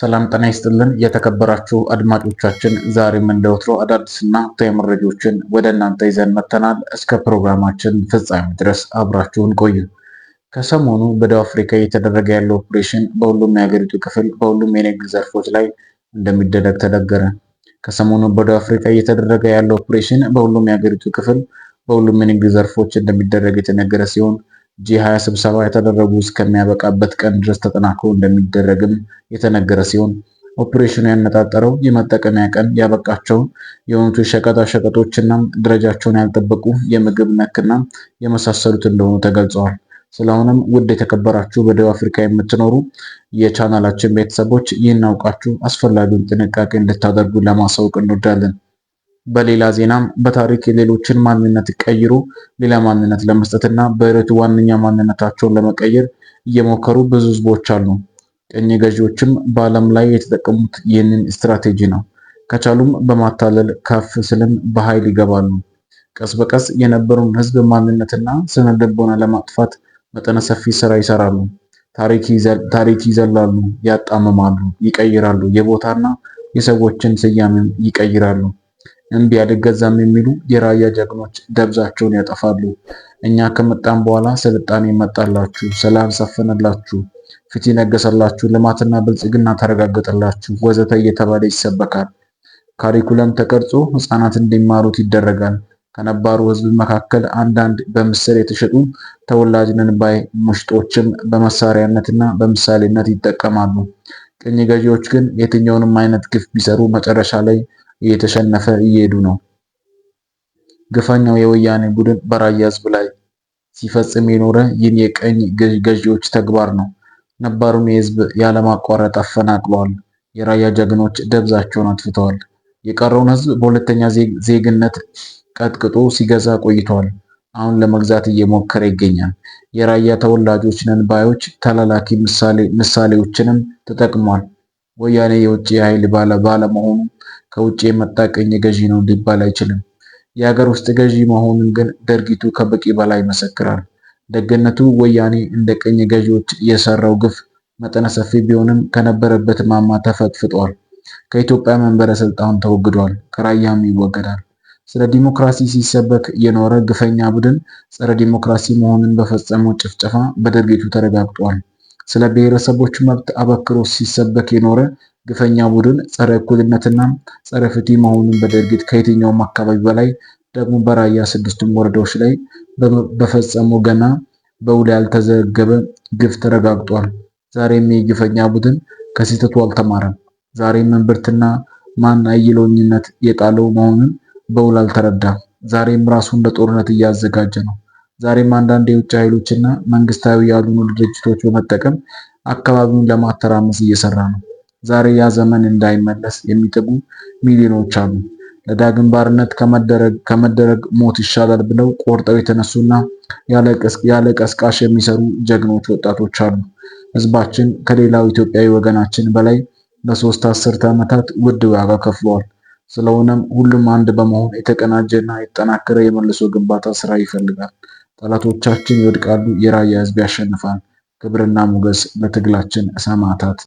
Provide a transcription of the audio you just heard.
ሰላም ጤና ይስጥልን የተከበራችሁ አድማጮቻችን፣ ዛሬም እንደወትሮ አዳዲስና ወቅታዊ መረጃዎችን ወደ እናንተ ይዘን መጥተናል። እስከ ፕሮግራማችን ፍጻሜ ድረስ አብራችሁን ቆዩ። ከሰሞኑ በደቡብ አፍሪካ እየተደረገ ያለው ኦፕሬሽን በሁሉም የሀገሪቱ ክፍል በሁሉም የንግድ ዘርፎች ላይ እንደሚደረግ ተነገረ። ከሰሞኑ በደቡብ አፍሪካ እየተደረገ ያለው ኦፕሬሽን በሁሉም የሀገሪቱ ክፍል በሁሉም የንግድ ዘርፎች እንደሚደረግ የተነገረ ሲሆን ጂ20 ስብሰባ የተደረጉ እስከሚያበቃበት ቀን ድረስ ተጠናክሮ እንደሚደረግም የተነገረ ሲሆን ኦፕሬሽኑ ያነጣጠረው የመጠቀሚያ ቀን ያበቃቸውን የሆኑት ሸቀጣ ሸቀጦችና ደረጃቸውን ያልጠበቁ የምግብ ነክና የመሳሰሉት እንደሆኑ ተገልጸዋል። ስለሆነም ውድ የተከበራችሁ በደቡብ አፍሪካ የምትኖሩ የቻናላችን ቤተሰቦች ይህን አውቃችሁ አስፈላጊውን ጥንቃቄ እንድታደርጉ ለማሳወቅ እንወዳለን። በሌላ ዜናም በታሪክ የሌሎችን ማንነት ቀይሩ ሌላ ማንነት ለመስጠትና በዕለቱ ዋነኛ ማንነታቸውን ለመቀየር እየሞከሩ ብዙ ህዝቦች አሉ። ቅኝ ገዢዎችም በዓለም ላይ የተጠቀሙት ይህንን ስትራቴጂ ነው። ከቻሉም በማታለል ከፍ ስልም በኃይል ይገባሉ። ቀስ በቀስ የነበሩን ህዝብ ማንነትና ስነ ልቦና ለማጥፋት መጠነ ሰፊ ስራ ይሰራሉ። ታሪክ ይዘላሉ፣ ያጣምማሉ፣ ይቀይራሉ። የቦታና የሰዎችን ስያሜም ይቀይራሉ። እምቢ አልገዛም የሚሉ የራያ ጀግኖች ደብዛቸውን ያጠፋሉ። እኛ ከመጣን በኋላ ስልጣኔ ይመጣላችሁ ሰላም ሰፈነላችሁ፣ ፍትህ ነገሰላችሁ ልማትና ብልጽግና ተረጋገጠላችሁ ወዘተ እየተባለ ይሰበካል። ካሪኩለም ተቀርጾ ህፃናት እንዲማሩት ይደረጋል። ከነባሩ ህዝብ መካከል አንዳንድ በምስር የተሸጡ ተወላጅነን ባይ ሙሽጦችም በመሳሪያነትና በምሳሌነት ይጠቀማሉ። ቅኝ ገዢዎች ግን የትኛውንም አይነት ግፍ ቢሰሩ መጨረሻ ላይ እየተሸነፈ እየሄዱ ነው። ግፈኛው የወያኔ ቡድን በራያ ህዝብ ላይ ሲፈጽም የኖረ ይህን የቀኝ ገዢዎች ተግባር ነው። ነባሩን የህዝብ ያለማቋረጥ አፈናቅለዋል። የራያ ጀግኖች ደብዛቸውን አጥፍተዋል። የቀረውን ህዝብ በሁለተኛ ዜግነት ቀጥቅጦ ሲገዛ ቆይተዋል። አሁን ለመግዛት እየሞከረ ይገኛል። የራያ ተወላጆች ነን ባዮች ተላላኪ ምሳሌዎችንም ተጠቅሟል። ወያኔ የውጭ ኃይል ባለመሆኑ ከውጭ የመጣ ቅኝ ገዢ ነው ሊባል አይችልም። የሀገር ውስጥ ገዢ መሆኑን ግን ድርጊቱ ከበቂ በላይ ይመሰክራል። ደግነቱ ወያኔ እንደ ቅኝ ገዢዎች የሰራው ግፍ መጠነ ሰፊ ቢሆንም ከነበረበት ማማ ተፈጥፍጧል። ከኢትዮጵያ መንበረ ስልጣን ተወግዷል፣ ከራያም ይወገዳል። ስለ ዲሞክራሲ ሲሰበክ የኖረ ግፈኛ ቡድን ጸረ ዲሞክራሲ መሆኑን በፈጸመው ጭፍጨፋ በድርጊቱ ተረጋግጧል። ስለ ብሔረሰቦች መብት አበክሮ ሲሰበክ የኖረ ግፈኛ ቡድን ጸረ እኩልነትና ጸረ ፍትህ መሆኑን በድርጊት ከየትኛውም አካባቢ በላይ ደግሞ በራያ ስድስቱም ወረዳዎች ላይ በፈጸሙ ገና በውል ያልተዘገበ ግፍ ተረጋግጧል። ዛሬም የግፈኛ ቡድን ከስህተቱ አልተማረም። ዛሬም እምብርትና ማን አይሎኝነት የጣለው መሆኑን በውል አልተረዳም። ዛሬም ራሱን ለጦርነት እያዘጋጀ ነው። ዛሬም አንዳንድ የውጭ ኃይሎች እና መንግስታዊ ያልሆኑ ድርጅቶች በመጠቀም አካባቢውን ለማተራመስ እየሰራ ነው። ዛሬ ያ ዘመን እንዳይመለስ የሚጥጉ ሚሊዮኖች አሉ። ለዳግም ባርነት ከመደረግ ሞት ይሻላል ብለው ቆርጠው የተነሱና ያለ ቀስቃሽ የሚሰሩ ጀግኖች ወጣቶች አሉ። ህዝባችን ከሌላው ኢትዮጵያዊ ወገናችን በላይ ለሶስት አስርት ዓመታት ውድ ዋጋ ከፍለዋል። ስለሆነም ሁሉም አንድ በመሆን የተቀናጀና የተጠናከረ የመልሶ ግንባታ ስራ ይፈልጋል። ጠላቶቻችን ይወድቃሉ፣ የራያ ህዝብ ያሸንፋል። ክብርና ሞገስ ለትግላችን ሰማዕታት።